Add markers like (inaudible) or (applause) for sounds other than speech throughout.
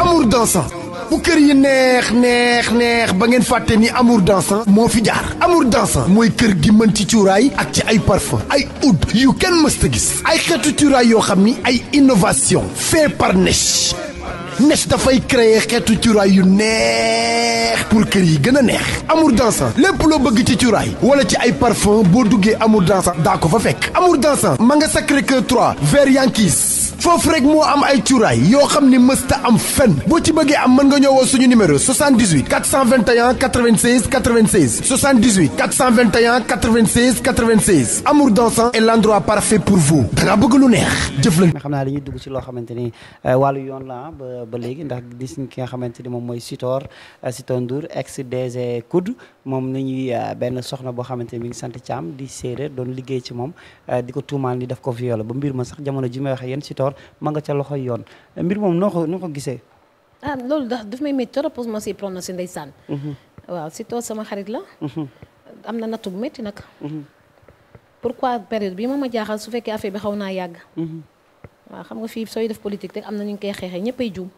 amour dansant bu kër yi neex neex neex ba ngeen fàtte ni amour dansant moo fi jaar amour dansant mooy kër gi mën ci cuuraay ak ci ay parfum ay oud yu kenn mësta gis ay xeetu cuuraay yoo xam ni ay innovation fait par Nech Nech dafay créer xeetu cuuraay yu neex pour kër yi gën a neex amour dansant lépp loo bëgg ci cuuraay wala ci ay parfum boo duggee amour dansant daa ko fa fekk amour dansant ma nga Sacré-Cœur troit vers Yankees foofu rek moo am ay cuuraay yoo xam ni mësta am fenn boo ci bëggee am mën nga ñëwoo suñu numéro 78 421 96 96 78 421 96 96 Amour dansant est l'endroit parfait pour vous da ngaa bëgg lu neex jëf la. xam naa dañuy dugg ci loo xamante ni euh, wàllu yoon la ba léegi ndax gis ki nga xamante ni moom mooy Sitor euh, Sitor Ndour ex DG COUD moom la ñuy euh, benn soxna boo xamante ni mi ngi sant Thiam di séeréer doon liggéey ci moom di ko tuumaal ni daf ko violé sax jamono ji may wax yéen yor ma nga ca loxoy yoon mbir moom noo ko noo ko gisee. ah loolu ndax daf may métti trop ma si prononcé ndeysaan. Mhm. waaw surtout sama xarit la. Mhm. am na nattu bu métti nag. Mhm. pourquoi période bi ma ma jaaxal su fekkee affaire bi xaw naa yàgg. waaw xam nga fii sooy def politique rek am na ñu ngi koy xeexee ñëppay juum.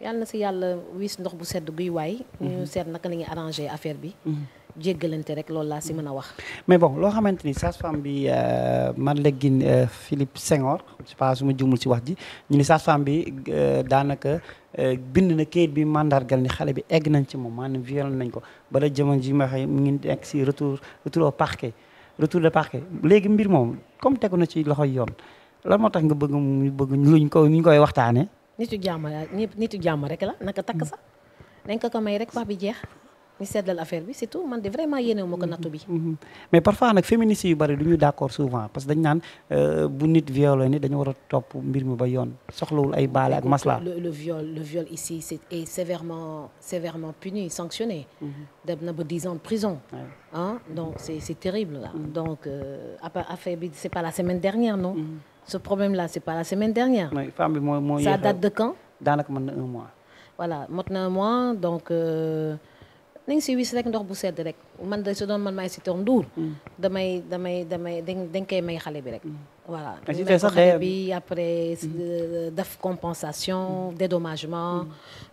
yàlla na si yàlla wis ndox bu sedd guy waay. ñu seet naka la ñuy affaire bi. jéggalante rek loolu laa si mën a wax. mais bon loo xamante ni sage-femme bi euh, Madeleine euh, Philippe Senghor je sais pas su ma jumul si wax ji ñu ni sage-femme bi euh, daanaka bind na kayit bi mandargal ni xale bi egg nañ ci moom maanaam violé nañ ko bala jamono ji ma waxee mu ngi nekk si retour retour au parquet retour de parquet léegi mbir moom comme tegu na ci loxoy yoon lan moo tax nga bëgg mu bëgg luñ ko ñu koy waxtaanee. nitu jàmm nitu jàmm rek la naka takk sax dañ hmm. ko may rek ñu seddal affaire bi c'est tout man de vraiment yéenewu ma ko nattu bi mhm. Mhm. mais parfois nag féministes yu bari du ñu d'accord souvent parce que dañu naan euh, bu nit violé ni dañu war a topp mbir mi ba yoon soxlawul ay baale ak masla le viol le ici sévèrement puni sanctionné mhm. dem na ba dix ans de prison ah donc c'est c'est terrible là donc euh, affaire bi c'est pas la semaine dernière non ce problème là c'est pas la semaine dernière femme bi moo moo ça date de quand daanaka mën na un mois voilà mot na un mois euh, nañ si wis rek ndox bu sedd rek man da su doon man maay si toog nduur. damay damay damay dañ koy may xale bi rek. Mm. voilà ñu ah, may ko xale bi après mm. euh, def compensation mm. dédommagement.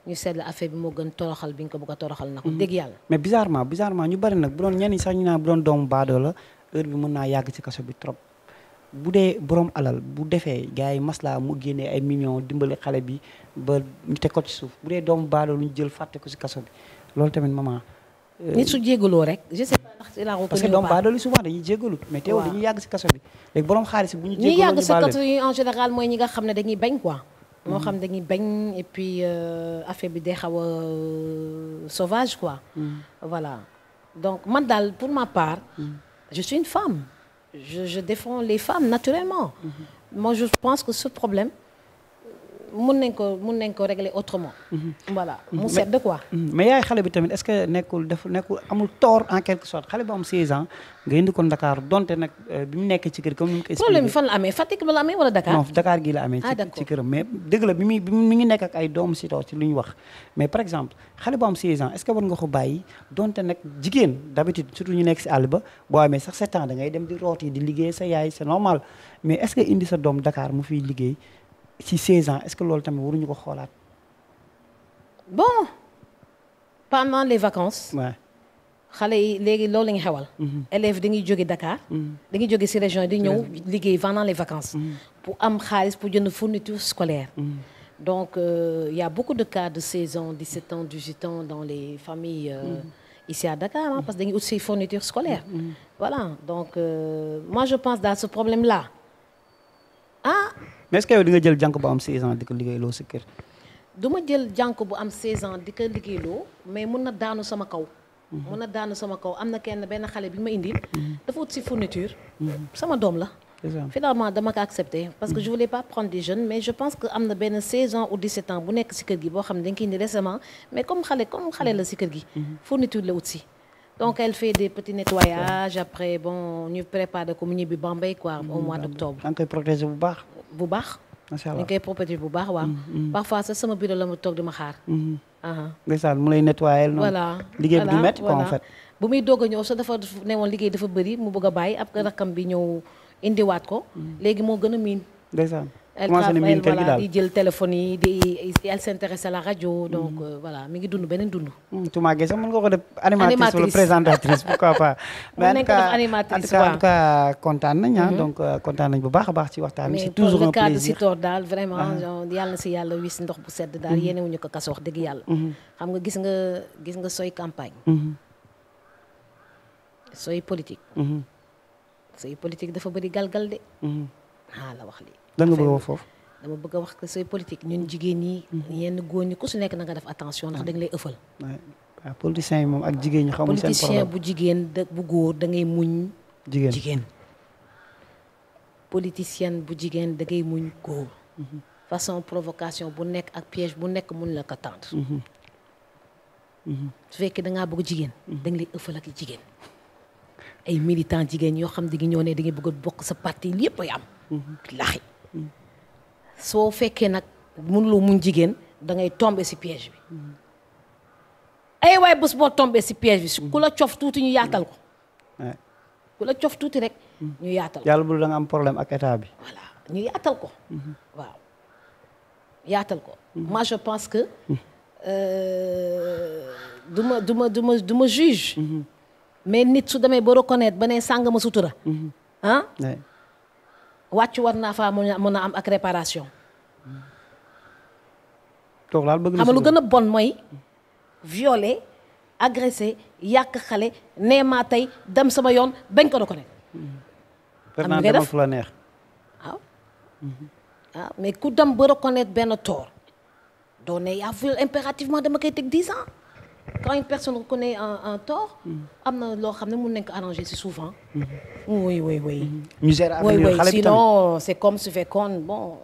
ñu seetlu affaire bi moo gën toroxal bi nga ko bëgg a toroxal na ko dégg yàlla. mais bizarrement bizarrement ñu bari nag bu doon ñenn sax ñu naan bu doon doomu baadoo la heure bi mën naa yàgg si kaso bi trop. bu dee boroom alal bu defee gars yi maslaa mu génnee ay millions dimbali xale bi ba ñu ci suuf bu dee doomu baadoo lu ñu jël fàtte ko ci kaso bi. loolu tamit maman. Euh, nit su jégaloo rek je sais pas ndax parce que doomu baadoo li souvent dañuy jégalut. mais teewul dañuy yàgg si kaso bi. léegi borom xaalis bu ñu jégaloo ñu ñi yàgg si kaso yi en général mooy ñi nga xam ne dañuy bañ quoi. moo mm. xam dañuy bañ et puis euh, affaire bi day xaw a euh, sauvage quoi. Mm. voilà donc man daal pour ma part. Mm. je suis une femme. je je défends les femmes naturellement. Mm-hmm. moi je pense que ce problème. mun nañ ko mun nañ ko régler autrement. Mm-hmm. voilà mm-hmm. mu sedd quoi. Mm-hmm. mais yaay xale bi tamit est-ce que nekkul def nekkul amul tort en quelque sorte xale bu donte nag euh, bi mu nekk ci kër comme wala Dakar. non Dakar gii la ah, nekk ak ay si ñu wax. mais par exemple xale bu am 16 ans est-ce que war nga ko bàyyi donte nag jigéen d'habitude surtout ñu nekk si àll ba boo amee sax 7 ans ngay dem di rooti di liggéey sa yaay c'est normal mais est-ce que indi sa doom Dakar mu fiy liggéey. si 16 ans est-ce que loolu tamit waruñu ko xoolaat. bon pendant les vacances. waaw xale yi léegi loolu la ñu xewal. Mhm. élèves dañuy jóge Dakar. Mhm. dañuy joge si région yi di ñëw liggéey pendant les vacances. Mhm. pour am xaalis pour jënd fourniture scolaire. donc il euh, y a beaucoup de cas de 16 ans 17 ans 18 ans dans les familles. Euh, ici à Dakar parce que dañuy ut si fourniture scolaire. voilà donc euh, moi je pense dans ce problème là ah, mais est-ce que yow di nga jël jànk bu am 16 ans di ko liggéeyloo sa kër. du jël jànk bu am 16 ans di ko loo mais mun na daanu sama kaw. Mhm. mun na daanu sama kaw am na kenn benn xale bi ma indil. Mhm. dafa wut si fourniture. Mhm. sama doom la. finalement dama ko accepté parce que je voulais pas prendre des jeunes mais je pense que am na benn 16 ans ou 17 ans bu nekk si kër gi boo xam ne dañ koy indi récemment mais comme xale comme xale la si kër gi. fourniture la donc elle fait des petits nettoyages après bon ñu préparé ko mu ñibbi mbay quoi au mois d'octobre. da nga koy protéger bu baax. bu baax. macha allah da nga koy bu baax waaw. Mm-hmm, mm-hmm. parfois sax sama bureau la ma toog di ma xaar. Mm-hmm. ndeysaan mu lay nettoyer. voilà liggéey bi du métti quoi en fait. bu muy doog a ñëw sax dafa ne woon liggéey dafa bëri mu bëgg a bàyyi ab rakkam bi ñëw indiwaat ko. léegi moo gën a miin. ndeysaan. commencé na miin kër gi di jël téléphone yi di elle s'intéresse à la rajo donc hmm. euh, voilà mi ngi dund beneen dund. Hmm, Touma Guèye sax mën nga ko def animatrice wala présentatrice pourquoi pas. (laughs) mën nañu def animatrice waaw en tout cas kontaan nañ ah hmm. donc euh, kontaan nañ bu baax a baax ci waxtaan bi. c'est toujours un plaisir mais pour le cas de ah. yàlla na si yàlla wis ndox bu sedd daal yéene wuñu ko kas wax dëgg yàlla. xam nga gis nga gis nga sooy campagne. sooy politique. sooy politique dafa bëri galgal de. ah la wax lii. lan nga bëgg a wax foofu. dama bëgg a wax que say politique ñun jigéen ñi. Mhm. yenn góor ñi ku su nekk na nga def attention ndax dañ lay ëffal. waaw yi moom ak jigéen ñi xamuñ seen problème politicien bu jigéen da bu góor da ngay muñ. jigéen jigéen. politicienne bu jigéen da muñ góor. Mhm. façon provocation bu nekk ak piège bu nekk mun la ko tànt mhm. su fekkee da ngaa bëgg jigéen. da nga lay ëffal ak jigéen. ay militant jigéen yoo xam ne dañuy ñëw ne dañuy bëgg bokk sa parti yëpp ay am. billaahi. soo fekkee nag mënuloo muñ jigéen da ngay tombe si piège bi ay waay bés boo tombee si piège bi su ku la cof tuuti ñu yaatal ko ku la tuuti rek ñu yaatal ko yàlla bul da am problème ak état bi voilà ñu yaatal ko waaw yaatal ko moi je pense que euh, du ma du ma du ma juge mm-hmm. mais nit su demee ba reconnaître ba ne sàng ma sutura mm-hmm. wàcc war naa faa mën a am ak réparation. toog laal bëgg na xam lu gën a bon mooy violer agressé yàq xale nee ma tey dem sama yoon bañ ko reconnaître. Mm-hmm. am na def mm-hmm. ah, mais ku dem ba reconnaître benn tort doo ne yaa viol impérativement dama koy teg 10 ans. quand une ko reconnaît un un tort. Mm. am na loo xam ne mën nekk ko arranger si souvent. Mm-hmm. oui oui oui. ñu gérer affaire yu xale bi tamit sinon c'est comme su fekkoon bon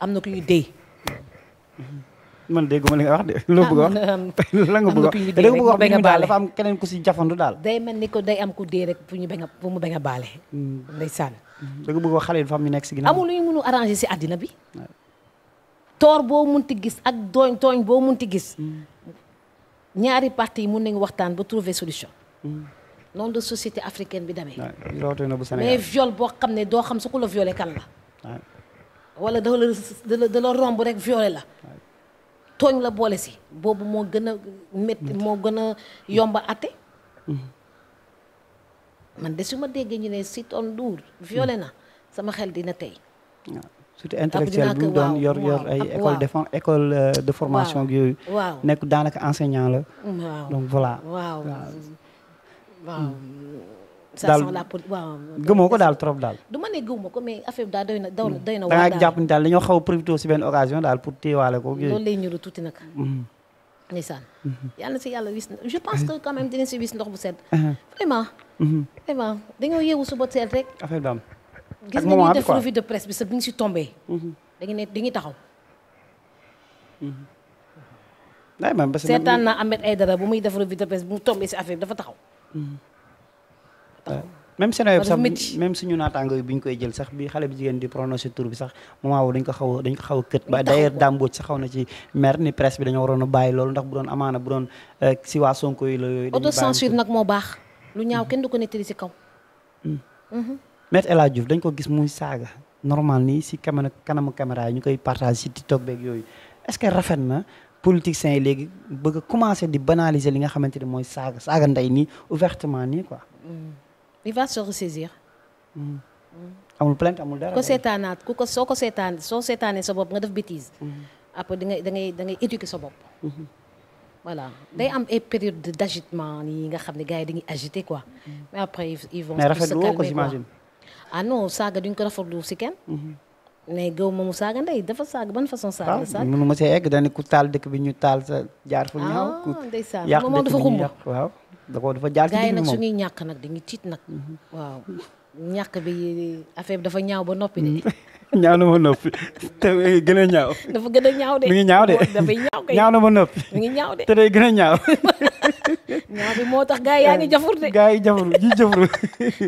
am na ku ñu dee. Mm-hmm. man dégguma li nga wax de (laughs) loo bëgg a wax de (laughs) nga bëgg a wax da nga bëgg a wax daal dafa am keneen ku si jafandu daal. day mel ni ko day am ku dee rek bañ a pour mu bañ a baale. Mm-hmm. ndeysaan. da nga bëgg a wax xale yi dafa am ñu nekk si ginnaaw. amul lu ñu arranger si àddina bi. toor boo ti gis ak dooñ tooñ boo ti gis. ñaari parti yi mun nañu waxtaan ba trouver solution. Mm. noonu la société africaine bi demee. mais viol boo xam ne doo xam su ko la violé kan la. wala da la da la romb rek violé la. tooñ la boole si boobu moo gën a métti moo gën a yomb a àtte mm. man de su ma déggee ñu ne Sitor Ndour viole na mm. sama xel dina tey. surtout intellectuel bu doon yor yor ay école euh, de école de formation ak yooyu. waaw nekk daanaka enseignant la. Mm, waaw donc voilà. waaw waaw. Hmm. daal gëmoo ko daal trop daal. du ma ne gëmoo ko mais affaire bi daal doy na daw na doy na. Hmm. da ngaa jàpp ni daal dañoo xaw a profité si benn occasion daal pour téewaale ko. loolu lay ñëw tuuti nag. Hmm. ndeysaan. yàlla na si yàlla wis je pense que quand même dina si wis ndox bu sedd. vraiment. vraiment dañoo yeewu suba teel rek. affaire bi ak moment bi quoi gis nga ñuy def revue de presse bi sa bi si tombé. dañu ne dañuy taxaw. day man parce que seetaan naa Ahmed Aïdara bu muy def revue de presse bu mu tombé si affaire bi dafa taxaw. même Sénégal sax même suñu naataangoo yi ñu koy jël sax bi xale bi jigéen di prononcé tur bi sax moment boobu dañ ko xaw dañ ko xaw a kët ba d'ailleurs dàmbooj sax xaw na ci mer ni presse bi dañoo waroon a bàyyi loolu ndax bu doon amaana bu doon euh, si waa Sonko yi la yooyu autocensure nag moo baax lu ñaaw kenn du ko nettali si kaw mm. mm-hmm. Maître El Hadj dañ ko gis muy saaga normal nii si caméra kanamu caméra yi ñu koy partage si TikTok beeg yooyu est-ce que rafet na politiciens yi léegi bëgg a commencer di banaliser li nga xamante ne mooy saaga saaga ndey nii ouvertement nii quoi. Mm. il va se ressaisir. Mm. Mm. amul amul dara. ko ku ko soo ko seetaan soo seetaanee sa bopp nga def bêtise. après da ngay da ngay da ngay éduquer sa bopp. Mm-hmm. voilà day am ay période d'agitement yi nga xam ne gars yi dañuy agité quoi. mais après ils vont se calmer mais rafetlu woo ah non saaga duñ ko rafetlu si kenn. Mhm. mais gaw ma mu saaga ndey dafa saaga ban façon saaga. Ah, saaga mënu ma see egg dañ ku taal dëkk bi ñu taal sa jaar fu ñaaw. ah moom dafa xumb yàq waaw. da dafa jaar ci digg nag suñuy ñàkk nag dañuy tiit nag. Mhm. waaw ñàkk bi affaire dafa ñaaw ba noppi de. Mhm. (laughs) ñaaw na ma noppi te gën a ñaaw. dafa gën a ñaaw de. ñaaw na ma noppi. mi te day gën a ñaaw. (laughs) ñaaw bi moo tax gars yi yaa ngi jafur de. gars yi jafur ji jafur.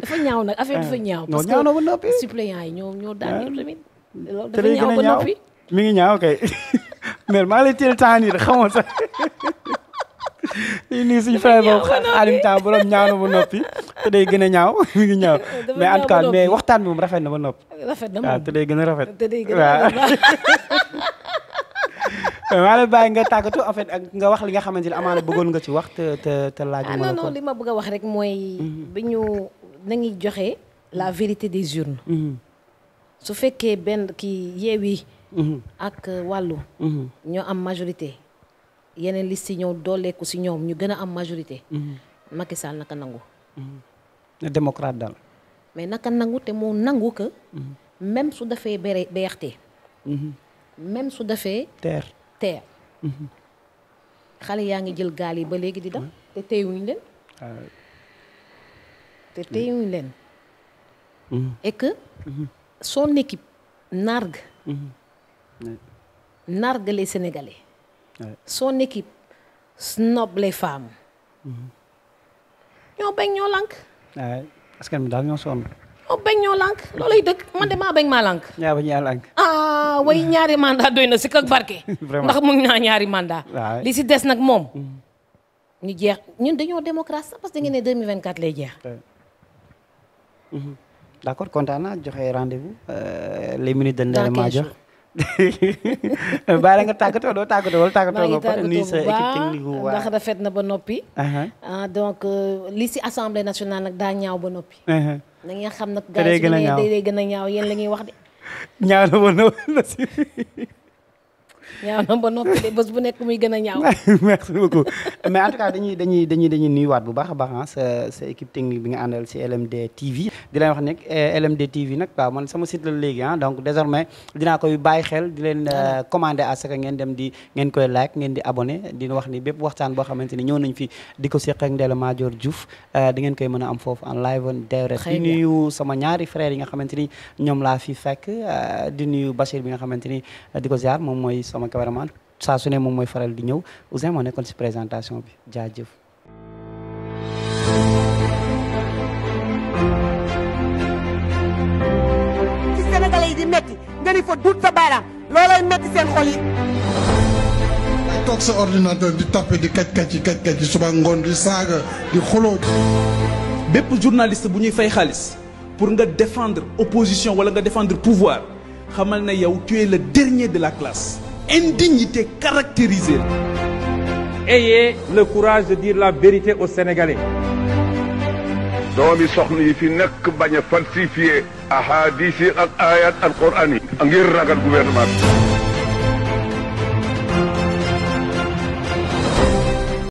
dafa ñaaw nag affaire dafa eh. ñaaw. non ñaaw na ba noppi parce yi ñoo ñoo daan ñëw tamit. Eh. mi ngi ñaaw kay. mais (laughs) maa ngi lay teel temps nii rek xamoon sax. lii nii suñu frère boobu Alim Tam borom ñaaw na ba noppi te day gën a ñaaw (laughs) mi ngi ñaaw mais en tout mais waxtaan bi moom rafet na ba nopp rafet na moom waaw te day gën a rafet. te day gën a rafet maa la bàyyi nga tàggatu en fait ak nga wax li nga xamante ne amaana bëggoon nga ci wax te te te laaj. ah non li ma bëgg a wax rek mooy. Mhm. bi ñu nañuy joxe la vérité des urnes. Mhm. su fekkee benn kii Yewwi. Mhm. ak wàllu. ñoo am majorité. yeneen li si ñëw dooleeku si ñoom ñu gën a am majorité. Macky Sall naka nangu. de démocrate daal. mais naka nangu te moo nangu ko même su defee bere beexte. même su defee. terre. teer xale yaa ngi jël gaal yi ba léegi di dem te téyewuñu leen te téyewuñu leen et que son équipe nargue nargue les Sénégalais son snob les femmes ñoo bañ ñoo lànk askan bi daal ñoo sonn o oh, bañ ñoo lànk ñaari mandat doy (laughs) ñaari mandat li si des nag moom mm. ñu jeex ñun dañoo démocrate sax lay jeex eh. mm-hmm. d' kontaan naa joxe rendez euh, les minutes dañ leen (laughs) nga tàggatoo doo tàggatoo wala baax ndax na ba noppi uh-huh. ah, donc euh, li si assemblée nationale nag daa ñaaw ba noppi uh-huh. da ngeen xam nag. gars yi su ñu nee day gën a ñaaw yéen la ñuy wax de. (laughs) ñaaw na woon na si. ñaaw na ba noppi de bés bu nekk muy gën a ñaaw. (laughs) merci beaucoup mais en tout cas dañuy dañuy dañuy dañuy nuyuwaat bu baax a baax ah sa équipe technique bi nga àndal si LMD TV. di leen wax ne eh, LMD TV nag waaw man sama site léegi ah, donc désormais dinaa koy bàyyi xel di leen euh, commandé à que ngeen dem di ngeen koy like ngeen di abonné di wax ni bépp waxtaan boo xamante ni ñëw nañ fi di ko seq ak Ndella Madior Diouf euh, ngeen koy mën a am foofu en live en direct. di nuyu sama ñaari yi nga xamante ni ñoom laa fi fekk euh, di nuyu Bachir bi nga xamante ni di ko ziar moom mooy sama cameraman saa su moom mooy faral di ñëw Ouzin moo nekkoon si présentation bi jaajëf. di metti nga ni fa duut sa baaraam loolay metti seen xol yi ay toog sa ordinateur di tappe di kaj kaj yi suba ngoon di saaga di xuloo bépp journaliste bu ñuy fay xaalis pour nga défendre opposition wala nga défendre pouvoir xamal na yow tu es dernier de la classe indignité caractérisée. Ayez le courage de dire la vérité aux Sénégalais. doomi soxna yi fi nekk bañ a falsifier ahadis yi ak ayat alquran yi ngir ragal gouvernement bi